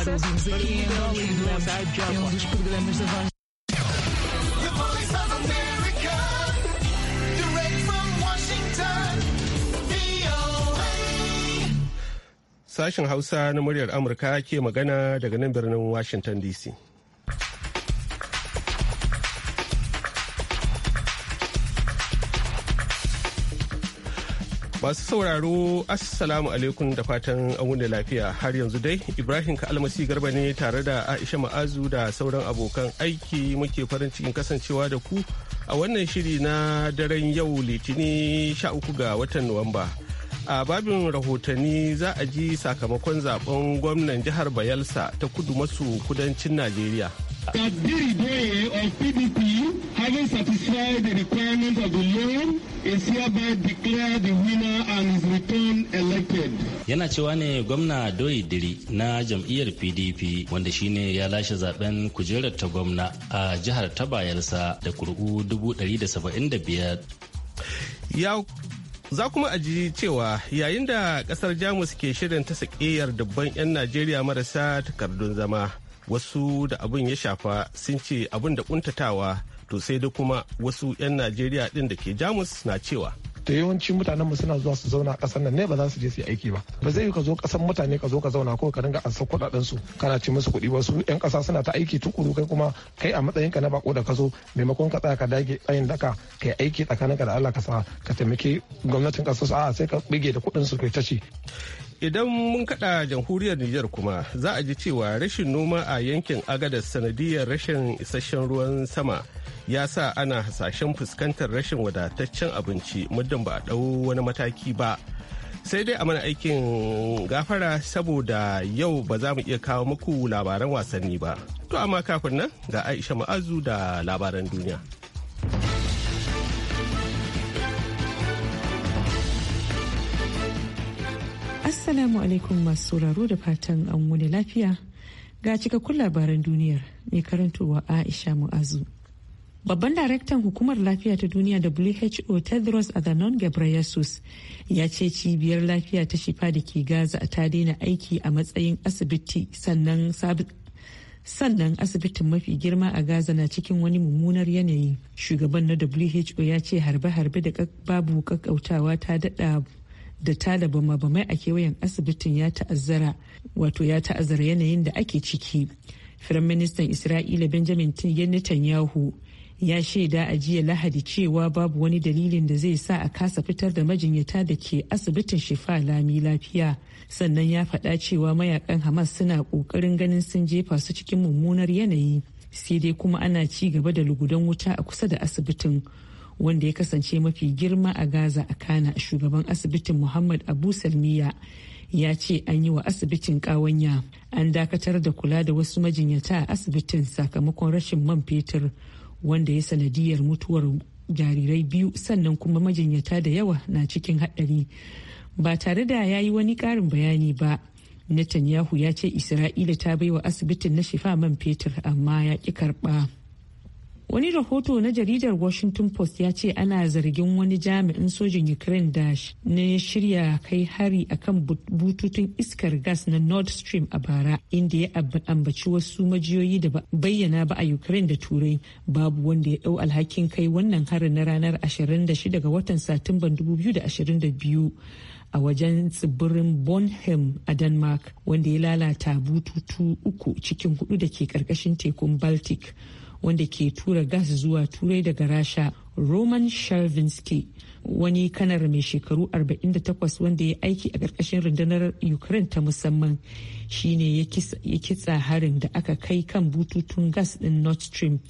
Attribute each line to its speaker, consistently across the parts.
Speaker 1: para ouvirmos um
Speaker 2: Sashen Hausa na muryar Amurka ke magana daga nan birnin Washington DC. Masu sauraro Assalamu alaikum da fatan da lafiya har yanzu dai Ibrahim Kalmasi Garba ne tare da Aisha Ma'azu da sauran abokan aiki muke farin cikin kasancewa da ku a wannan shiri na daren yau litini 13 ga watan Nuwamba. a babin rahotanni za a ji sakamakon zaben gwamnan jihar bayelsa ta kudu maso kudancin najeriya
Speaker 3: That Boye of PDP, having satisfied the requirement of the loan, is hereby declared the winner and is returned elected.
Speaker 4: Yana cewa ne gwamna Doyi Diri na jam'iyyar PDP wanda shine ya lashe zaben kujerar ta gwamna a jihar ta bayarsa da kuri'u 175. Ya za kuma aji
Speaker 2: cewa yayin da kasar jamus ke shirin ta sakiyar dubban 'yan najeriya marasa takardun zama wasu da abin ya shafa sun ce abin da kuntatawa to sai da kuma wasu 'yan najeriya din da ke jamus na cewa
Speaker 5: da yawancin mutanen mu suna zuwa su zauna a kasar nan ne ba za su je su yi aiki ba ba zai yi ka zo kasar mutane ka zo ka zauna ko ka dinga ansa kudaden su kana ci musu kuɗi wasu yan kasa suna ta aiki tukuru kai kuma kai a matsayin ka na bako da ka zo maimakon ka tsaya ka dage tsayin daka ka yi aiki tsakanin ka da Allah ka sa ka taimaki gwamnatin kasar su a sai
Speaker 2: ka bige da kuɗin su kai ta ci Idan mun kaɗa jamhuriyar Nijar kuma za a ji cewa rashin noma a yankin agadas sanadiyar rashin isasshen ruwan sama ya sa ana hasashen fuskantar rashin wadataccen abinci muddin ba a ɗau wani mataki ba. Sai dai a mana aikin gafara saboda yau ba za mu iya kawo muku labaran wasanni ba. To amma kafin nan ga Aisha Ma'azu da labaran duniya.
Speaker 1: Assalamu alaikum masu sauraro da fatan an wani lafiya ga cikakkun labaran duniyar mai karantowa Aisha Mu'azu. Babban daraktan hukumar lafiya ta duniya WHO Tedros Adhanom Ghebreyesus ya ce cibiyar lafiya ta shifa da ke Gaza ta daina aiki a matsayin asibiti sannan sannan asibitin mafi girma a Gaza na cikin wani mummunar yanayi. Shugaban na WHO ya ce harbe-harbe da babu kakkautawa ta daɗa da tada bama-bamai a kewayen asibitin ya ta'azzara wato ya ta'azzara yanayin da ake ciki firaministan isra'ila benjamin netanyahu ya shaida a jiya lahadi cewa babu wani dalilin da zai sa a kasa fitar da majinyata da ke asibitin shifa lami lafiya sannan ya faɗa cewa mayakan hamas suna ƙoƙarin ganin sun jefa su cikin mummunar yanayi sai dai kuma ana ci gaba da lugudan wuta a kusa da asibitin wanda ya kasance mafi girma a gaza a kana shugaban asibitin muhammad abu salmiya ya ce an yi wa asibitin kawanya an dakatar da kula da wasu majinyata a asibitin sakamakon rashin man fetur wanda ya sanadiyar mutuwar jarirai biyu sannan kuma majinyata da yawa na cikin haɗari ba tare da ya yi wani ƙarin bayani ba netanyahu ya ce isra'ila ta baiwa asibitin na shifa man fetur amma ya ƙi karɓa. Wani rahoto na jaridar Washington Post ya ce ana zargin wani jami'in sojin Ukraine da ne shirya kai hari akan bututun iskar gas na Nord Stream a bara inda ya ambaci wasu majiyoyi da bayyana ba a Ukraine da Turai. Babu wanda ya dau alhakin kai wannan harin na ranar 26 ga watan Satumban 2022. a wajen tsibirin Bornholm a Denmark wanda ya lalata bututu uku cikin hudu da ke karkashin tekun Baltic. wanda ke tura gas zuwa turai daga rasha roman shalvinsky wani kanar mai shekaru 48 wanda ya aiki a ƙarƙashin rundunar ukraine ta musamman shine ya kitsa harin da aka kai kan bututun gas din nord stream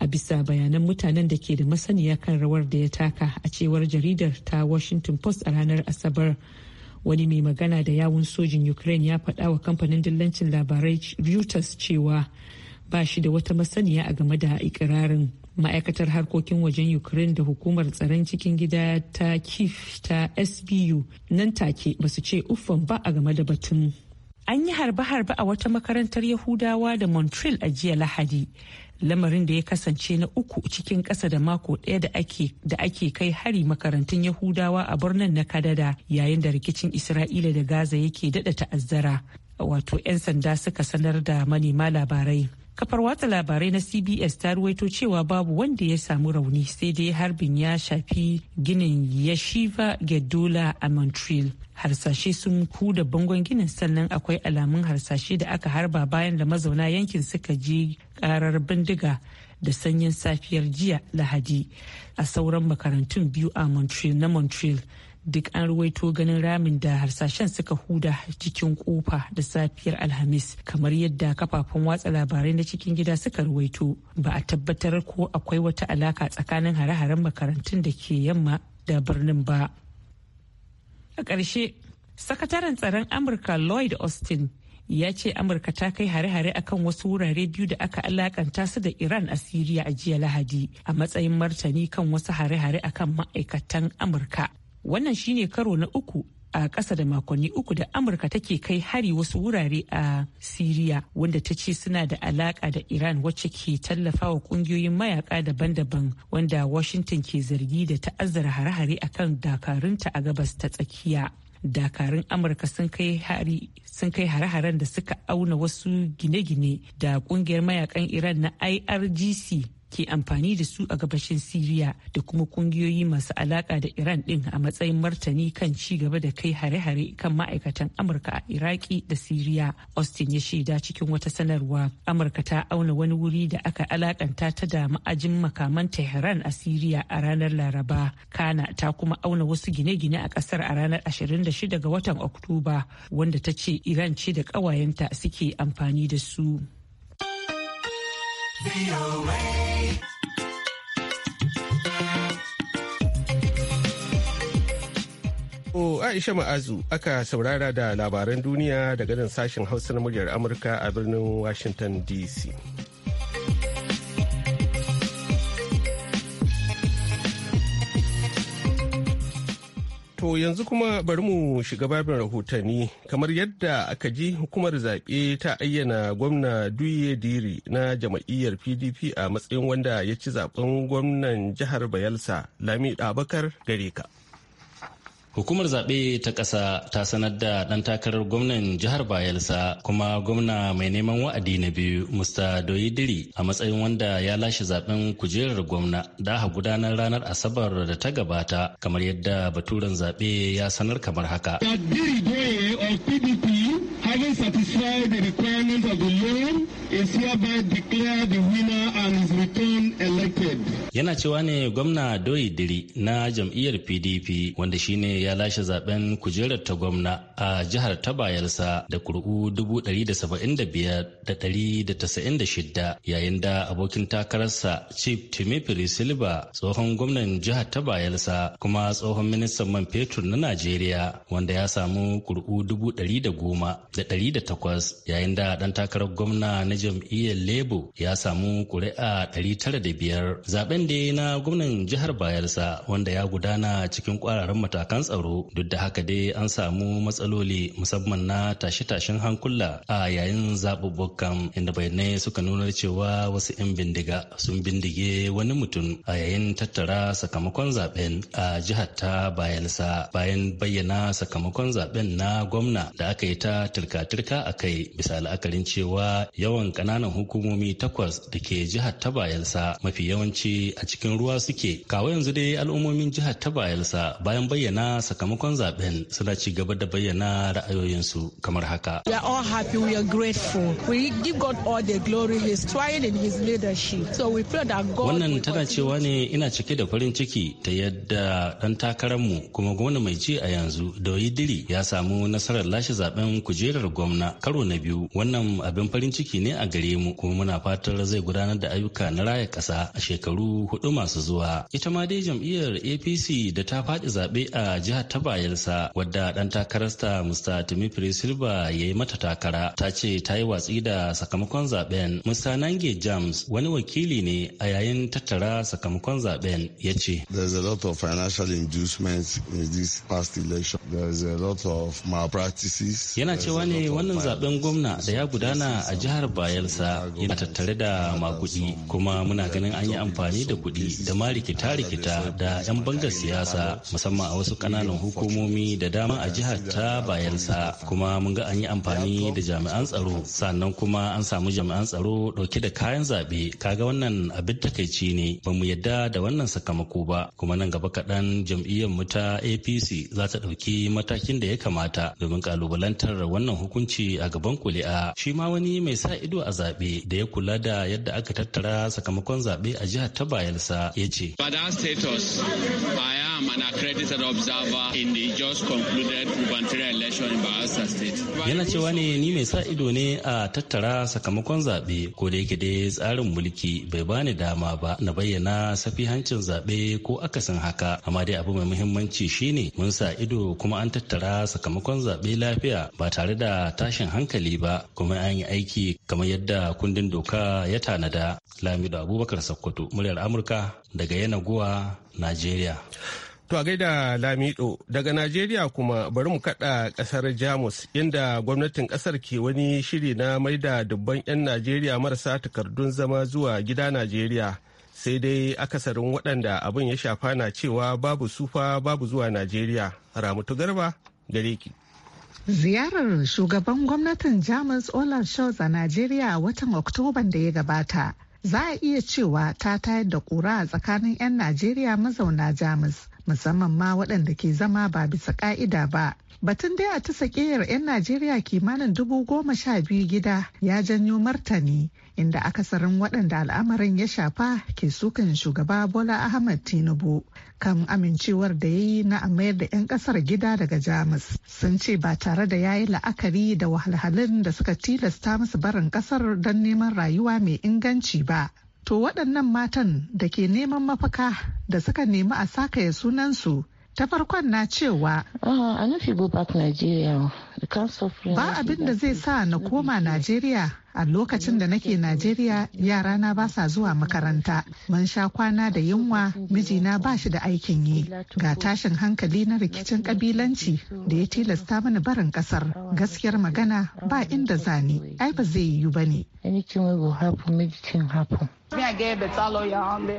Speaker 1: a bisa bayanan mutanen da ke da masaniya kan rawar da ya taka a cewar jaridar ta washington post a ranar asabar wani mai magana da yawun sojin ukraine ya faɗa wa kamfanin dillancin labarai reuters cewa ba shi da wata masaniya a game da ikirarin ma'aikatar harkokin wajen ukraine da hukumar tsaron cikin gida ta kif ta sbu nan take ba su ce uffan ba a game da batun an yi harbe-harbe a wata makarantar yahudawa da montreal a jiya lahadi lamarin da ya kasance na uku cikin ƙasa da mako ɗaya da ake kai hari makarantun yahudawa a birnin na kadada yayin da rikicin isra'ila da gaza yake daɗa ta'azzara wato 'yan sanda suka sanar da manema labarai kafar watsa labarai na cbs ta ruwaito cewa babu wanda ya samu rauni sai dai harbin ya shafi ginin yashiva gedola a montreal harsashe sun huda bangon ginin sannan akwai alamun harsashe da aka harba bayan da mazauna yankin suka ji karar bindiga da sanyin safiyar jiya lahadi a sauran makarantun biyu a montreal na montreal duk an ruwaito ganin ramin da harsashen suka huda cikin kofa da safiyar alhamis kamar yadda kafafen watsa labarai na cikin gida suka ruwaito ba a tabbatar ko akwai wata alaka tsakanin hare-haren makarantun da ke yamma da birnin ba a ƙarshe sakataren tsaron amurka lloyd austin ya ce amurka ta kai hare-hare akan wasu wurare biyu da aka alakanta su da iran a siriya a jiya lahadi a matsayin martani kan wasu hare-hare akan ma'aikatan amurka wannan shine karo na uku a ƙasa da makonni uku da amurka take kai hari wasu wurare a siriya wanda ta ce suna da alaƙa da iran wacce ke tallafawa ƙungiyoyin mayaka daban-daban wanda washington ke zargi da ta'azzara hare-hare akan dakarunta a gabas ta tsakiya dakarun amurka sun kai hare-haren da suka auna wasu gine-gine da ƙungiyar mayakan iran na irgc ke amfani da su a gabashin Siriya da kuma kungiyoyi masu alaka da Iran din a matsayin martani kan ci gaba da kai hare-hare kan ma'aikatan Amurka a Iraki da Siriya. Austin ya shaida cikin wata sanarwa. Amurka ta auna wani wuri da aka alakanta ta da ma'ajin makaman Tehran a Siriya a ranar Laraba. Kana ta kuma auna wasu gine-gine a kasar a ranar 26 ga watan Oktoba wanda ta ce Iran ce da ƙawayenta suke amfani da su.
Speaker 3: O oh,
Speaker 2: Aisha Ma'azu aka saurara da labaran duniya daga nan sashen Hausa na muryar Amurka a birnin Washington DC. To yanzu kuma bari mu shiga babin rahotanni kamar yadda aka ji hukumar zaɓe ta ayyana gwamna Duye Diri na jama'iyyar PDP a matsayin wanda ya ci zaɓen
Speaker 4: gwamnan jihar Bayelsa Lami Abakar gare ka. Hukumar zaɓe ta ƙasa ta sanar da ɗan takarar gwamnan jihar Bayelsa kuma gwamna mai neman wa'adi na biyu Musta Doyidiri a matsayin wanda ya lashe zaɓen kujerar gwamna da aka gudanar ranar Asabar da ta gabata kamar yadda baturen zaɓe ya sanar kamar haka.
Speaker 3: PDP, having satisfied the requirements of the law, is hereby
Speaker 4: yana cewa ne gwamna doyi diri na jam'iyyar pdp wanda shine ya lashe zaben kujerar ta gwamna a jihar ta bayelsa da kuri'u 175,196 yayin da abokin takararsa chief timothy silva tsohon gwamnan jihar ta bayelsa kuma tsohon ministan man fetur na najeriya wanda ya samu kuri'u 110,108 yayin da dan takarar gwamna na jam'iyyar labour ya samu kuri'a 905 zaben dai na gwamnan jihar Bayelsa wanda ya gudana cikin kwararan matakan tsaro duk da haka dai an samu matsaloli musamman na tashe-tashen hankula a yayin zaɓuɓɓukan inda bayanai suka nuna cewa wasu 'yan bindiga sun bindige wani mutum a yayin tattara sakamakon zaɓen a jihar ta Bayelsa bayan bayyana sakamakon zaɓen na gwamna da aka yi ta tirka-tirka a kai bisa la'akarin cewa yawan ƙananan hukumomi takwas da ke jihar ta Bayelsa mafi yawanci a cikin ruwa suke kawo yanzu dai al'ummomin jihar ta bayelsa bayan bayyana sakamakon zaben suna ci gaba da bayyana ra'ayoyinsu kamar haka we
Speaker 1: are all happy we are grateful we
Speaker 6: give god all the glory he's trying in his leadership so we pray that god
Speaker 4: wannan tana cewa ne ina cike da farin ciki ta yadda dan takararmu kuma gwamna mai ci a yanzu da diri ya samu nasarar lashe zaben kujerar gwamna karo na biyu wannan abin farin ciki ne a gare mu kuma muna fatar zai gudanar da ayyuka na raya kasa a shekaru hudu masu zuwa. Ita ma dai jam'iyyar APC da ta faɗi zaɓe a jihar ta bayelsa wadda ɗan takararsta Mr. timothy Silva ya yi mata takara ta ce ta yi watsi da sakamakon zaɓen. Mr. Nange James wani wakili ne a yayin tattara sakamakon zaɓen ya ce. There's a of financial Yana cewa ne wannan zaɓen gwamna da ya gudana a jihar Bayelsa yana tattare da makudi kuma muna ganin an yi amfani da kuɗi da ma rikita-rikita da 'yan bangar siyasa musamman a wasu ƙananan hukumomi da dama a jihar ta bayelsa kuma mun ga an yi amfani da jami'an tsaro sannan kuma an samu jami'an tsaro ɗauke da kayan zaɓe kaga wannan abin takaici ne ba mu yadda da wannan sakamako ba kuma nan gaba kaɗan jam'iyyar mu ta apc za ta ɗauki matakin da ya kamata domin ƙalubalantar wannan hukunci a gaban kuli'a shi ma wani mai sa ido a zaɓe da ya kula da yadda aka tattara sakamakon zaɓe a jihar ta Bayelsa ya ce. Ba da status,
Speaker 2: baya am an accredited observer in the just concluded gubernatorial election in Bayelsa State.
Speaker 4: Yana cewa ne ni mai sa ido ne a tattara sakamakon zaɓe ko da yake dai tsarin mulki bai bani dama ba na bayyana safi hancin zaɓe ko akasin haka amma dai abu mai muhimmanci shine mun sa ido kuma an tattara sakamakon zaɓe lafiya ba tare da tashin hankali ba kuma an yi aiki kamar yadda kundin doka ya tanada. Lamido Abubakar Sokoto, muryar Amurka daga Yanaguwa, Najeriya. To a gaida Lamido daga Najeriya kuma
Speaker 2: bari mu kada kasar Jamus inda gwamnatin kasar ke wani shiri na maida dubban 'yan Najeriya marasa takardun zama zuwa gida Najeriya sai dai akasarin waɗanda abin ya shafa na cewa babu sufa babu zuwa Najeriya. Ramutu Garba gare ki.
Speaker 6: Ziyarar shugaban gwamnatin Jamus Olaf Scholz a Najeriya watan Oktoban da ya gabata za a iya cewa ta tayar da kura a tsakanin 'yan Najeriya mazauna Jamus musamman ma waɗanda ke zama ba bisa ƙa'ida ba Batun dai a ta sakeyar 'yan Najeriya kimanin dubu goma sha biyu gida ya janyo martani inda akasarin waɗanda al'amarin ya shafa ke sukan shugaba Bola Ahmad Tinubu kan amincewar da ya yi na mayar da 'yan ƙasar gida daga Jamus. Sun ce ba tare da ya yi la'akari da wahalhalun da suka tilasta musu barin ƙasar don neman rayuwa mai inganci ba. To waɗannan matan da ke neman mafaka da suka nemi a sakaya sunansu ta farkon na cewa ah, ba abin da zai sa na koma najeriya a lokacin da nake najeriya yarana ba sa zuwa makaranta mun sha kwana da yunwa mijina ba shi da aikin yi ga tashin hankali na rikicin kabilanci da ya tilasta mana barin kasar gaskiyar magana ba inda zani ai ba zai yiwu ba ne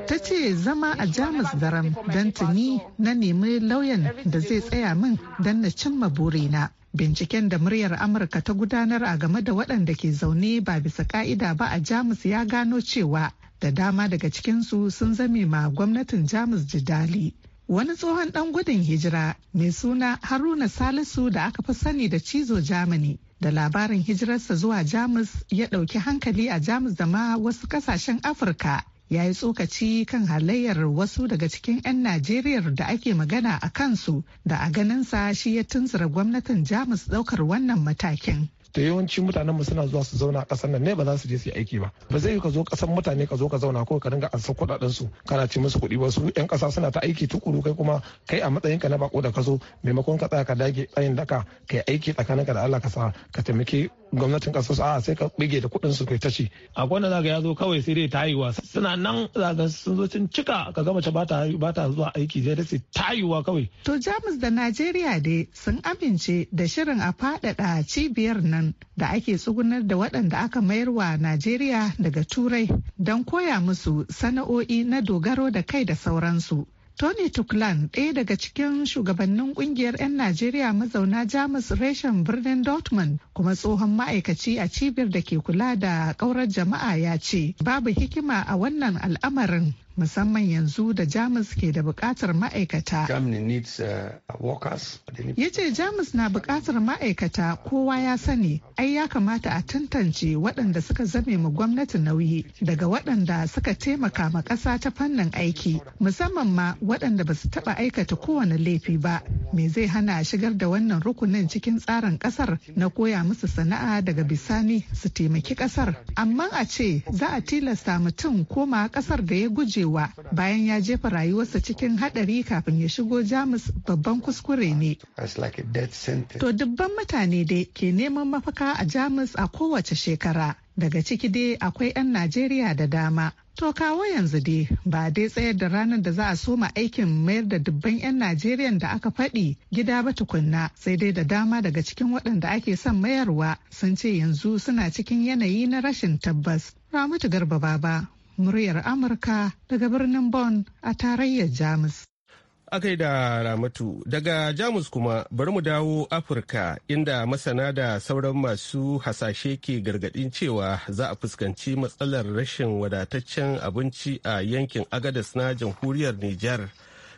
Speaker 6: ta ce zama a jamus daram don tuni na nemi lauyan da zai tsaya min don na cimma burina Binciken da muryar Amurka ta gudanar a game da waɗanda ke zaune ba bisa ka'ida ba a Jamus ya gano cewa da dama daga cikinsu sun zame ma gwamnatin Jamus jidali. Wani tsohon ɗan gudun hijira mai suna Haruna Salisu da aka fi sani da Cizo Germany da labarin hijirarsa zuwa Jamus ya ɗauki hankali a Jamus da ma wasu ƙasashen Afirka. ya yi tsokaci kan halayyar wasu daga cikin 'yan Najeriyar da ake magana a kansu da a ganinsa shi ya tunzura gwamnatin Jamus ɗaukar wannan matakin.
Speaker 5: to yawanci mutanen mu
Speaker 6: suna zuwa su zauna a kasar nan ne ba za su je su yi aiki ba
Speaker 5: ba zai ka zo kasar mutane ka zo ka zauna ko ka dinga ansa kudaden su kana ci musu kuɗi ba su yan kasa suna ta aiki tukuru kai kuma kai a matsayin ka na bako da ka maimakon ka tsaya ka dage tsayin daka kai aiki tsakanin ka da Allah ka sa ka taimaki gwamnatin kasar su a sai ka bige da kuɗin su kai ta ci a gwanda zaga ya zo kawai sai dai tayiwa suna nan zaga sun zo sun cika ka ga mace ba ta zuwa aiki sai dai sai tayiwa kawai
Speaker 6: to Jamus da Najeriya dai sun amince da shirin a faɗaɗa cibiyar nan da ake tsugunar da waɗanda aka mayarwa Najeriya daga Turai don koya musu sana'o'i na dogaro da kai da sauransu. Tony Tuklan ɗaya daga cikin shugabannin ƙungiyar 'yan Najeriya mazauna Jamus reshen birnin Dortmund kuma tsohon ma'aikaci a cibiyar da ke kula da ƙaurar jama'a ya ce babu hikima a wannan al'amarin musamman yanzu da Jamus ke da bukatar ma'aikata.
Speaker 3: Uh,
Speaker 6: ya ce Jamus na bukatar ma'aikata kowa ya sani, ai ya kamata a tantance waɗanda suka zame mu gwamnati nauyi daga waɗanda suka taimaka ma ƙasa ta fannin aiki, musamman ma waɗanda ba su taɓa aikata kowane laifi ba. Me zai hana shigar da wannan rukunin cikin tsarin ƙasar na koya musu sana'a daga bisani su taimaki ƙasar. Amma a ce za a tilasta mutum koma ƙasar da ya guje cewa bayan ya jefa rayuwarsa cikin haɗari kafin ya shigo Jamus babban kuskure ne. To dubban mutane dai ke neman mafaka a Jamus a kowace shekara. Daga ciki dai akwai 'yan Najeriya da dama. To kawo yanzu dai ba dai tsayar da ranar da za a soma aikin mayar da dubban 'yan Najeriyan da aka faɗi gida ba tukunna sai dai da dama daga cikin waɗanda ake son mayarwa sun ce yanzu suna cikin yanayi na rashin tabbas. Ramatu Garba Baba muryar Amurka daga birnin Bonn a tarayyar Jamus.
Speaker 2: aka yi da ramatu daga jamus kuma bari mu dawo afirka inda masana da sauran masu hasashe ke gargadin cewa za a fuskanci matsalar rashin wadataccen abinci a yankin agadas na jamhuriyar nijar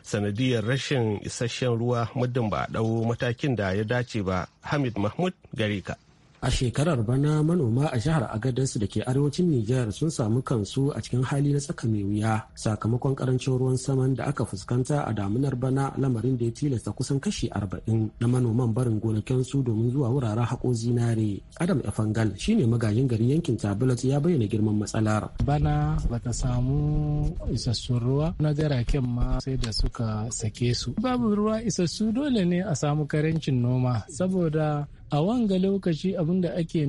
Speaker 2: sanadiyar rashin isasshen ruwa muddin ba a matakin da ya dace ba hamid mahmud gare ka
Speaker 7: A shekarar bana manoma a jihar Agadansu da ke arewacin Nijar sun samu kansu a cikin hali na tsaka mai wuya sakamakon karancin ruwan saman da aka fuskanta a damunar bana lamarin da ya tilasta kusan kashi arba'in na manoman barin gonakinsu domin zuwa wuraren haƙo zinare. Adam Efangal shine magajin gari yankin
Speaker 4: Tablet ya bayyana
Speaker 7: girman matsalar.
Speaker 4: Bana bata samu isassun ruwa na jaraken ma sai da suka sake su. Babu ruwa isassu dole ne a samu karancin noma saboda a wanga lokaci abinda ake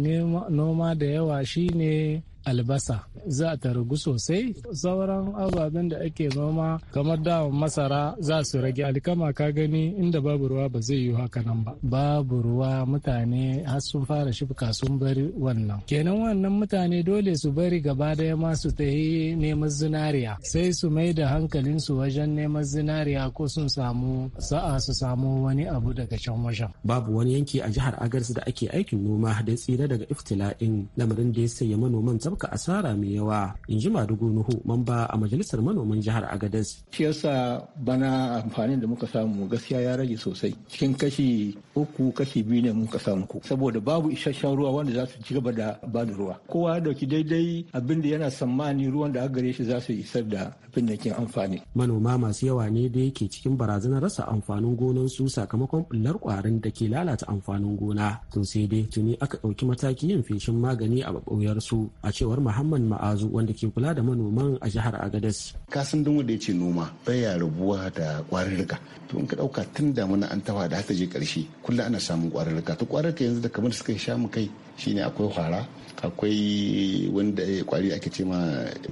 Speaker 4: noma da yawa shine albasa za ta ragu sosai sauran ababen da ake noma kamar dawon masara za su rage alkama ka gani inda babu ruwa ba zai yi haka nan ba babu ruwa mutane har sun fara shifka sun bari wannan kenan wannan mutane dole su bari gaba daya ma su ta yi neman zinariya sai su mai da hankalin su wajen neman zinariya ko sun samu sa'a su samu wani abu daga can wajen
Speaker 7: babu wani yanki a jihar agarsu da ake aikin noma da tsira daga iftila'in lamarin da ya sanya manoman tafka asara mai yawa in ji madugu nuhu mamba a majalisar manoman jihar agadez
Speaker 5: shi yasa bana amfanin da muka samu gaskiya ya rage sosai cikin kashi uku kashi biyu ne muka samu ku saboda babu isasshen ruwa wanda za su ci gaba da ba da ruwa kowa ya dauki daidai abin da yana tsammani ruwan da gare shi za su isar da abin da ke amfani
Speaker 7: manoma masu yawa ne da yake cikin barazanar rasa amfanin su sakamakon bullar kwarin da ke lalata amfanin gona to sai dai tuni aka ɗauki matakin yin feshin magani a su a ce cewar Muhammad Ma'azu wanda ke kula da manoman a jihar Agadez.
Speaker 4: Kasan dun wanda ya ce
Speaker 2: noma baya rabuwa da kwarurruka. To in ka ɗauka tun damuna an tawa da haka je karshe kullum ana samun kwarurruka. To kwarurruka yanzu da kamar suka sha mu kai shine akwai hwara. akwai wanda eh, kwari ake ce ma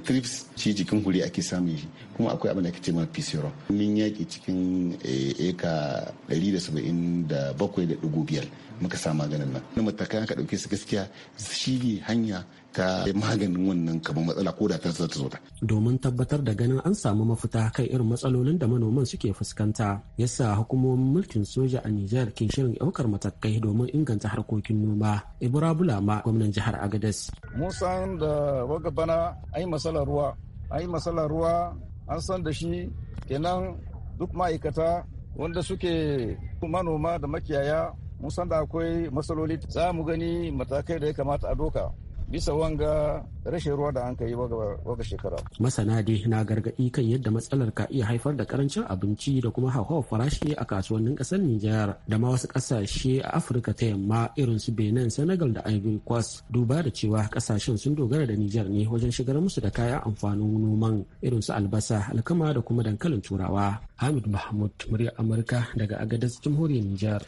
Speaker 2: thrips shi jikin huri ake samun shi kuma akwai abin da ake ce ma pisiro min yaki cikin eh, eka da biyar muka sa maganin nan na matakan ka ɗauke su gaskiya shi ne hanya ta maganin wannan kamar matsala ko da ta zo ta.
Speaker 7: Domin tabbatar da ganin an samu mafita kan irin matsalolin da manoman suke fuskanta yasa hukumomin mulkin soja a Nijar ke shirin ɗaukar matakai domin inganta harkokin noma. Ibra Bulama gwamnan jihar Agadez.
Speaker 4: Musa
Speaker 2: da waga bana an yi masalar ruwa an yi ruwa an san da shi kenan duk ma'aikata wanda suke manoma da makiyaya mun san da akwai matsaloli za mu gani matakai da ya kamata a doka bisa wanga rashin ruwa da an yi waga shekara.
Speaker 7: Masana dai na gargaɗi kan yadda matsalar ka iya haifar da karancin abinci da kuma hauhawar farashi a kasuwannin ƙasar Nijar da ma wasu ƙasashe a Afirka ta yamma irin su Benin, Senegal da Ivory Coast duba da cewa ƙasashen sun dogara da Nijar ne wajen shigar musu da kayan amfanin noman irin su albasa, alkama da kuma dankalin turawa. Hamid Mahmud, murya Amurka daga Agadez, Jamhuriyar Nijar.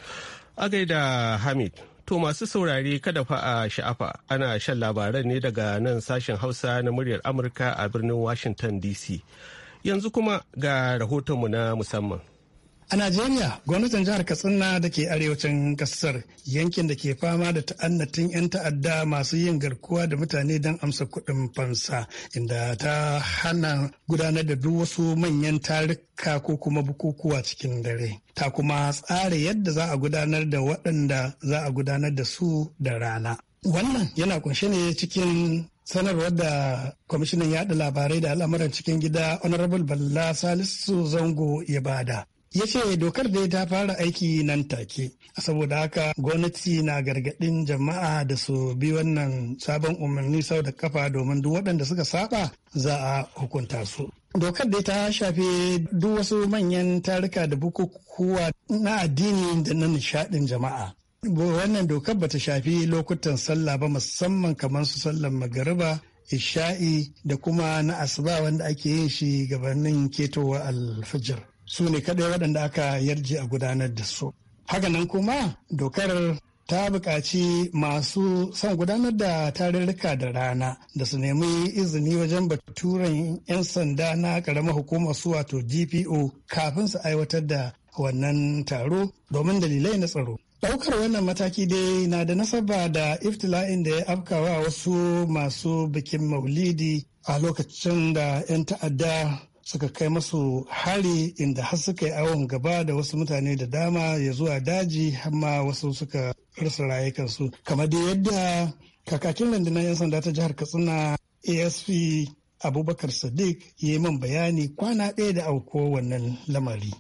Speaker 2: A gaida Hamid. To masu saurari kada fa a sha'afa ana shan labaran ne daga nan sashen Hausa na muryar Amurka a birnin Washington DC. Yanzu kuma ga rahotonmu na musamman.
Speaker 3: A Najeriya, gwamnatin jihar Katsina da ke arewacin kasar yankin da ke fama da ta'annatin 'yan ta'adda masu yin garkuwa da mutane don amsa kuɗin fansa, inda ta hana gudanar da duk wasu manyan tarika ko kuma bukukuwa cikin dare. Ta kuma tsara yadda za a gudanar da waɗanda za a gudanar da su da rana. Wannan yana kunshe ne cikin sanarwar da kwamishinan yaɗa labarai da al'amuran cikin gida honorable balla salisu zango ya bada ya ce dokar da ta fara aiki nan take saboda haka gwamnati na gargaɗin jama'a da su bi wannan sabon umarni sau da kafa domin duk waɗanda suka saba za a hukunta su dokar da ta shafi duk wasu manyan tarika da bukukuwa na addini da na nishaɗin jama'a wannan dokar bata shafi lokutan sallah ba musamman kamar su sallar magariba isha'i da kuma na asuba wanda ake yin shi gabanin ketowa alfijir su ne kaɗai waɗanda aka yarje a gudanar da su. Hakanan kuma dokar ta buƙaci masu son gudanar da tarurruka da rana da su nemi izini wajen baturan 'yan sanda na ƙaramar hukumar su wato gpo kafin su aiwatar da wannan taro domin dalilai na tsaro ɗaukar wannan mataki dai na da nasaba da iftila'in da ya afkawa wasu masu bikin maulidi a lokacin da 'yan ta'adda suka kai masu hari inda har suka yi awon gaba da wasu mutane da dama ya zuwa daji amma wasu suka rasa rayukansu kamar da yadda kakakin landunan 'yan sanda ta jihar katsina asp abubakar sadiq ya yi man bayani kwana ɗaya da auko wannan lamari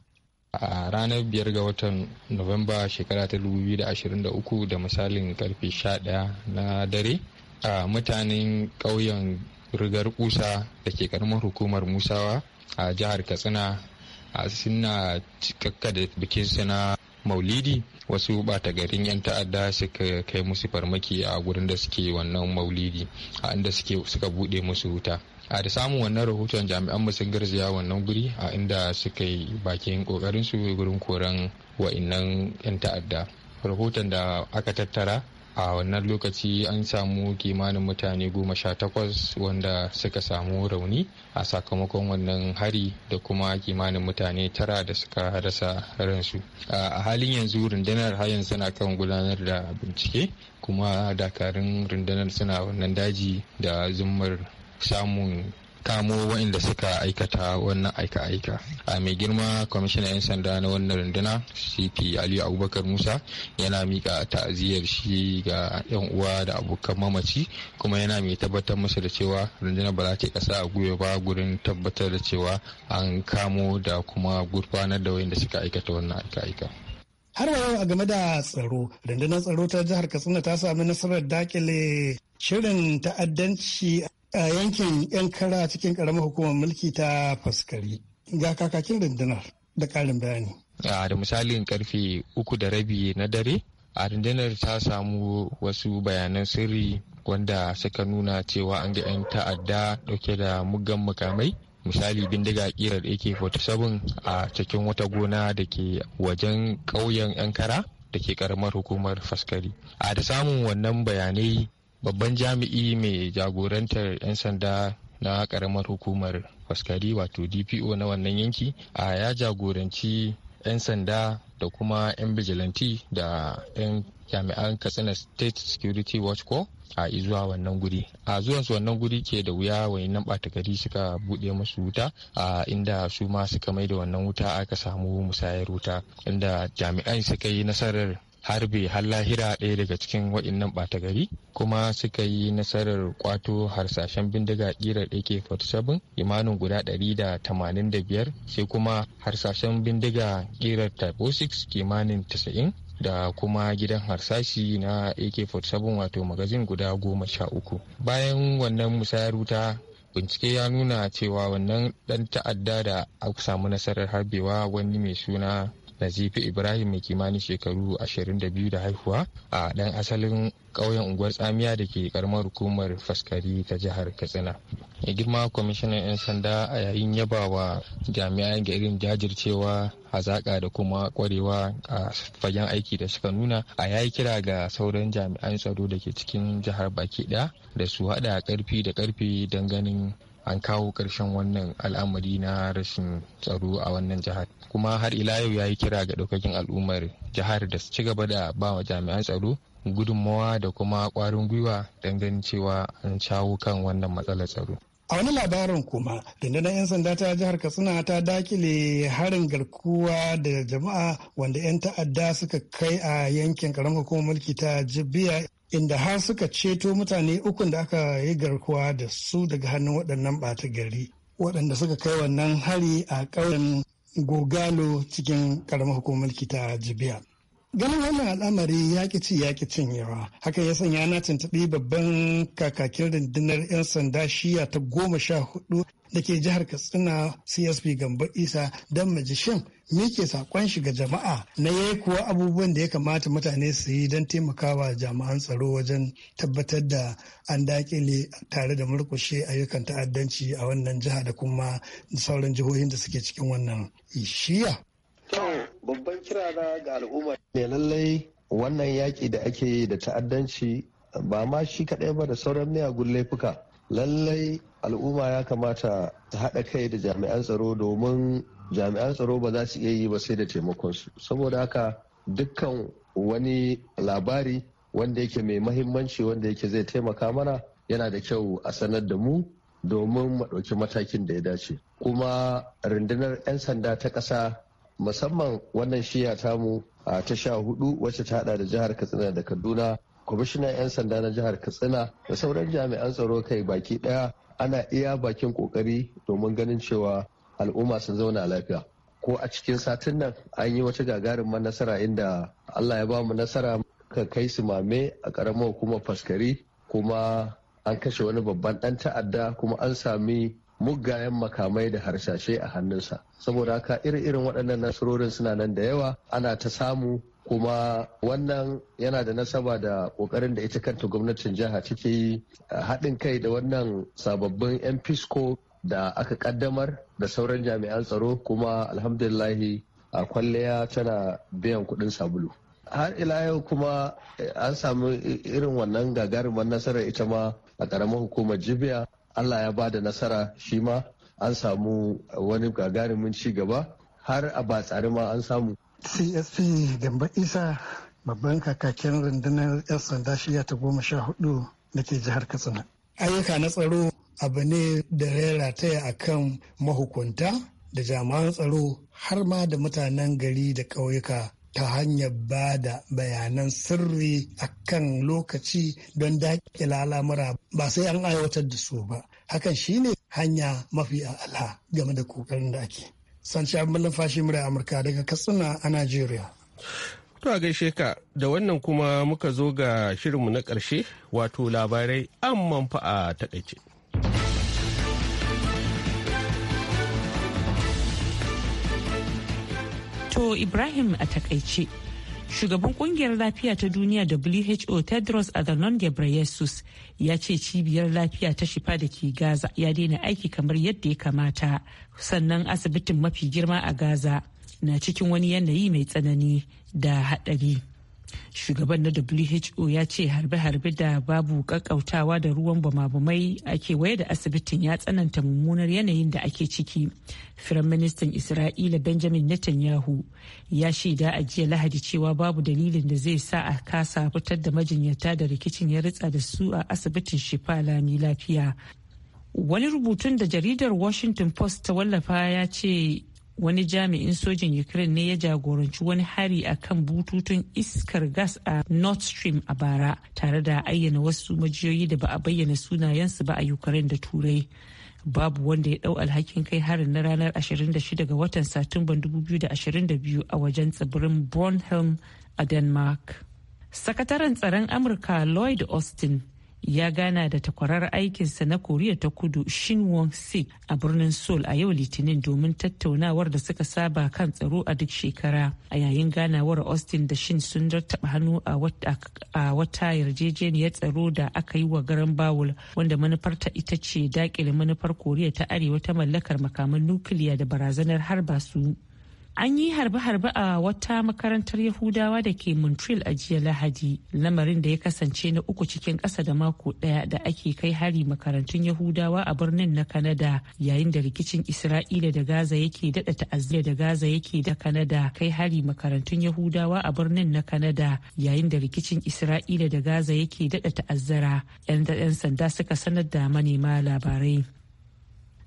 Speaker 8: a ranar biyar ga watan novemba shekara ta 2023 da misalin karfe 11 na dare a mutanen ƙauyen rigar kusa da ke karamar hukumar musawa a jihar katsina suna cikakka da bikinsu na maulidi wasu bata garin 'yan ta'adda suka kai musu farmaki a gurin da suke wannan maulidi a inda suka bude musu wuta a da samun wannan rahoton jami'an mu sun garzaya wannan guri a inda suka yi bakin kokarin su gurin koran wa'innan 'yan ta'adda rahoton da aka tattara a wannan lokaci an samu kimanin mutane goma sha takwas wanda suka samu rauni a sakamakon wannan hari da kuma kimanin mutane tara da suka rasa ransu a halin yanzu rundunar hayan suna kan gudanar da bincike kuma dakarun rundunar suna wannan daji da zummar samun kamo waɗanda suka aikata wannan aika-aika a mai girma kwamishinan 'yan sanda na wannan runduna cp aliyu abubakar musa yana mika ta'aziyar shi ga 'yan uwa da abokan mamaci kuma yana mai tabbatar masa da cewa rundunar ba za ta kasa a gwiwa ba gurin tabbatar da cewa an kamo da kuma gurfanar da waɗanda suka aikata wannan aika-aika
Speaker 3: har yau a game da tsaro rundunar tsaro ta jihar katsina ta sami nasarar dakile shirin ta'addanci a yankin yan kara cikin karamar hukumar mulki ta faskari ga kakakin rundunar da karin bayani
Speaker 8: da misalin karfe uku da rabi na dare a rundunar ta samu wasu bayanan sirri wanda suka nuna cewa an ga 'yan ta'adda dauke da muggan mukamai misali bindiga kirar ak-47 a cikin wata gona da ke wajen ƙauyen 'yan kara da ke karamar hukumar faskari a da samun wannan bayanai babban jami'i mai jagorantar 'yan sanda na karamar hukumar faskari wato dpo na wannan yanki a ya jagoranci 'yan sanda da kuma 'yan bijilanti da 'yan jami'an katsina state security watch ko a izuwa wannan guri a zuwansu wannan guri ke da wuya wayannan ɓata gari suka buɗe musu wuta a inda su ma suka mai da wannan wuta aka samu musayar wuta inda jami'ai suka yi nasarar harbe har lahira ɗaya daga cikin waɗannan ɓata gari kuma suka yi nasarar kwato harsashen bindiga ƙirar ak-47 imanin guda 185 sai kuma harsashen bindiga ƙirar type 06 kimanin 90 da kuma gidan harsashi na ak-47 wato magazin guda goma sha uku bayan wannan musayar wuta bincike ya nuna cewa wannan dan ta'adda da aka samu nasarar harbewa wani mai suna nazifi ibrahim mai kimanin shekaru 22 da haihuwa a ɗan asalin ƙauyen unguwar tsamiya da ke karamar hukumar faskari ta jihar katsina ya girma kwamishinan 'yan sanda a yayin yabawa jami'an ga irin jajircewa hazaƙa da kuma ƙwarewa a fagen aiki da suka nuna a yayi kira ga sauran jami'an tsaro da ke cikin jihar baki ɗaya da su haɗa ƙarfi da ƙarfi don ganin an kawo karshen wannan al'amari na rashin tsaro a wannan jihar kuma har ila yau ya yi kira ga ɗaukakin al'ummar jihar da su ci gaba da ba wa jami'an tsaro gudunmawa da kuma ƙwarin gwiwa don ganin cewa an shawo kan wannan matsalar tsaro
Speaker 3: A wani labarin kuma, dandana 'yan sanda ta jihar Katsina ta dakile harin garkuwa da jama'a wanda 'yan ta'adda suka kai a yankin karamar hukumar mulki ta Jibiya inda har suka ceto mutane ukun da aka yi garkuwa da su daga hannun waɗannan ɓata gari waɗanda suka kai wannan hari a ƙauyen gogalo cikin ƙaramar hukumar ta jibiya ganin wannan al'amari ya ci ya cinyewa haka ya sanya na tuntuɓi babban kakakin rundunar 'yan sanda shiya ta goma sha hudu da ke jihar katsina csp gambo isa don majishin me ke sakon shi ga jama'a na yayi kuwa abubuwan da ya kamata mutane su yi don taimakawa jama'an tsaro wajen tabbatar da an dakile tare da murkushe ayyukan ta'addanci a wannan jiha da kuma sauran jihohin da suke cikin wannan shiya
Speaker 5: babban kira ga al'umma ne lallai wannan yaƙi da ake yi da ta'addanci ba ma shi kaɗai ba da sauran miyagun laifuka lallai al'umma ya kamata ta haɗa kai da jami'an tsaro domin jami'an tsaro ba za su iya yi ba sai da taimakon su. saboda haka dukkan wani labari wanda yake mai mahimmanci wanda yake zai taimaka mana yana da kyau a sanar da mu domin mu ɗauki matakin da ya dace kuma rundunar 'yan sanda ta ƙasa musamman wannan shiya tamu a ta sha hudu wacce ta hada da jihar katsina da kaduna kwamishinan 'yan sanda na jihar katsina da sauran jami'an tsaro kai baki daya ana iya bakin kokari domin ganin cewa al'umma sun zauna lafiya ko a cikin satin nan an yi wata gagarin nasara inda allah ya ba mu nasara ka kai su mame a karamar kuma faskari kuma an kashe wani babban dan ta'adda kuma an sami muggayen makamai da harsashe a hannunsa saboda haka iri-irin waɗannan nasarorin suna nan da yawa ana ta samu kuma wannan yana da nasaba da kokarin da ita kanta gwamnatin jiha take yi haɗin kai da wannan sababbin 'yan fisko da aka ƙaddamar da sauran jami'an tsaro kuma alhamdulillahi a kwalliya tana biyan kuɗin sabulu har ila yau kuma eh, an samu irin wannan gagarumar nasarar ita ma a karamar hukumar jibiya allah ya ba da nasara shi ma an samu wani gagarumin ci gaba har a ba tsari ma an samu
Speaker 3: csp gamba isa babban kakakin rundunar 'yan sanda shiya ta goma sha hudu da ke jihar katsina ayyuka na tsaro abu ne da rera taya a kan mahukunta da jami'an tsaro har ma da mutanen gari da ƙauyuka ta hanyar ba da bayanan sirri a kan lokaci don daƙile lalamura ba sai an aiwatar da su ba hakan shine hanya mafi a'ala game da kokarin da ake sanci abin numfashi murai amurka daga katsina a najeriya
Speaker 2: to a gaishe ka da wannan kuma muka zo ga shirinmu na ƙarshe wato labarai amman fa'a ta
Speaker 1: takaice To Ibrahim a takaice. Shugaban kungiyar lafiya ta duniya WHO Tedros Adhanom Ghebreyesus ya ce cibiyar lafiya ta shifa da ke Gaza ya daina aiki kamar yadda ya kamata sannan asibitin mafi girma a Gaza na cikin wani yanayi mai tsanani da haɗari. shugaban na who ya ce harbe-harbe da babu kakkautawa da ruwan bama-bamai a kewaye da asibitin ya tsananta mummunar yanayin da ake ciki firaministan isra'ila benjamin netanyahu ya shaida a jiya lahadi cewa babu dalilin da zai sa a kasa fitar da majinyata da rikicin ya ritsa da su a asibitin shifa lafiya wani rubutun da jaridar washington post ta wallafa ya ce wani jami'in sojin ukraine ne ya jagoranci wani hari a kan bututun iskar gas a nord stream a bara tare da ayyana wasu majiyoyi da ba a bayyana sunayensu ba a ukraine da turai babu wanda ya dau alhakin kai harin na ranar 26 ga watan satumban 2022 a wajen tsibirin bornholm a denmark sakataren tsaron amurka lloyd austin ya gana da takwarar aikinsa na koriya ta kudu shin won sik a birnin seoul a yau litinin domin tattaunawar da suka saba kan tsaro a duk shekara a yayin ganawar austin da shin sun taba hannu a wata yarjejeniyar tsaro da aka yi wa garin bawul wanda manufarta ita ce dakile manufar koriya ta arewa ta mallakar makaman nukiliya da barazanar harba su An yi harbe-harbe a wata makarantar Yahudawa da ke Montreal a jiya Lahadi, lamarin da ya kasance na uku cikin ƙasa da mako ɗaya da ake kai hari makarantun Yahudawa a birnin na Kanada yayin da rikicin Isra'ila da Gaza yake daɗa ta'aziyya da Gaza yake da Kanada kai hari makarantun Yahudawa a birnin na Kanada yayin da rikicin Isra'ila da Gaza yake daɗa ta'azzara. 'Yan sanda suka sanar da manema labarai.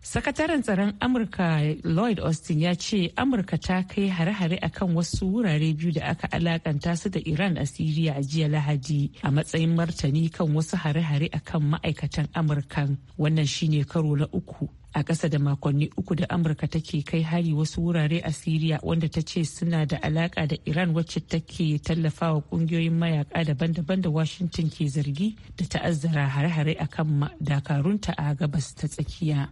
Speaker 1: sakataren tsaron amurka lloyd austin ya ce amurka ta kai hare-hare akan wasu wurare biyu da aka alakanta su da iran a siriya a jiya lahadi a matsayin martani kan wasu hare-hare akan ma'aikatan amurkan wannan shine karo na uku a ƙasa da makonni uku da amurka take kai hari wasu wurare a siriya wanda ta ce suna da alaka da iran wacce take tallafawa ƙungiyoyin mayaka daban-daban da washington ke zargi da ta'azzara hare-hare a kan dakarunta a gabas ta tsakiya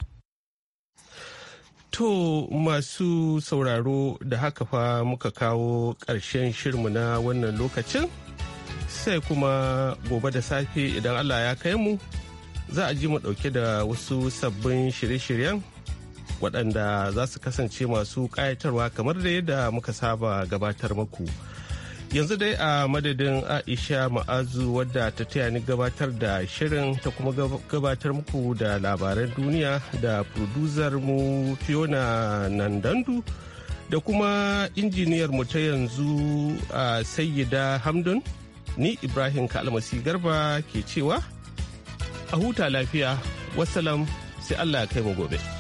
Speaker 2: To masu sauraro da haka fa muka kawo ƙarshen shirmu na wannan lokacin sai kuma gobe da safe idan Allah ya kai mu za a ji mu ɗauke da wasu sabbin shirye-shiryen waɗanda za su kasance masu ƙayatarwa kamar da yadda muka saba gabatar muku. yanzu dai a madadin aisha ma'azu wadda ta taya ni gabatar da shirin ta kuma gabatar muku da labaran duniya da producer mu fiona nandandu da kuma injiniyar mu ta yanzu a sayyida hamdun ni ibrahim kalmasi garba ke cewa a huta lafiya wasalam sai allah ya kai mu gobe.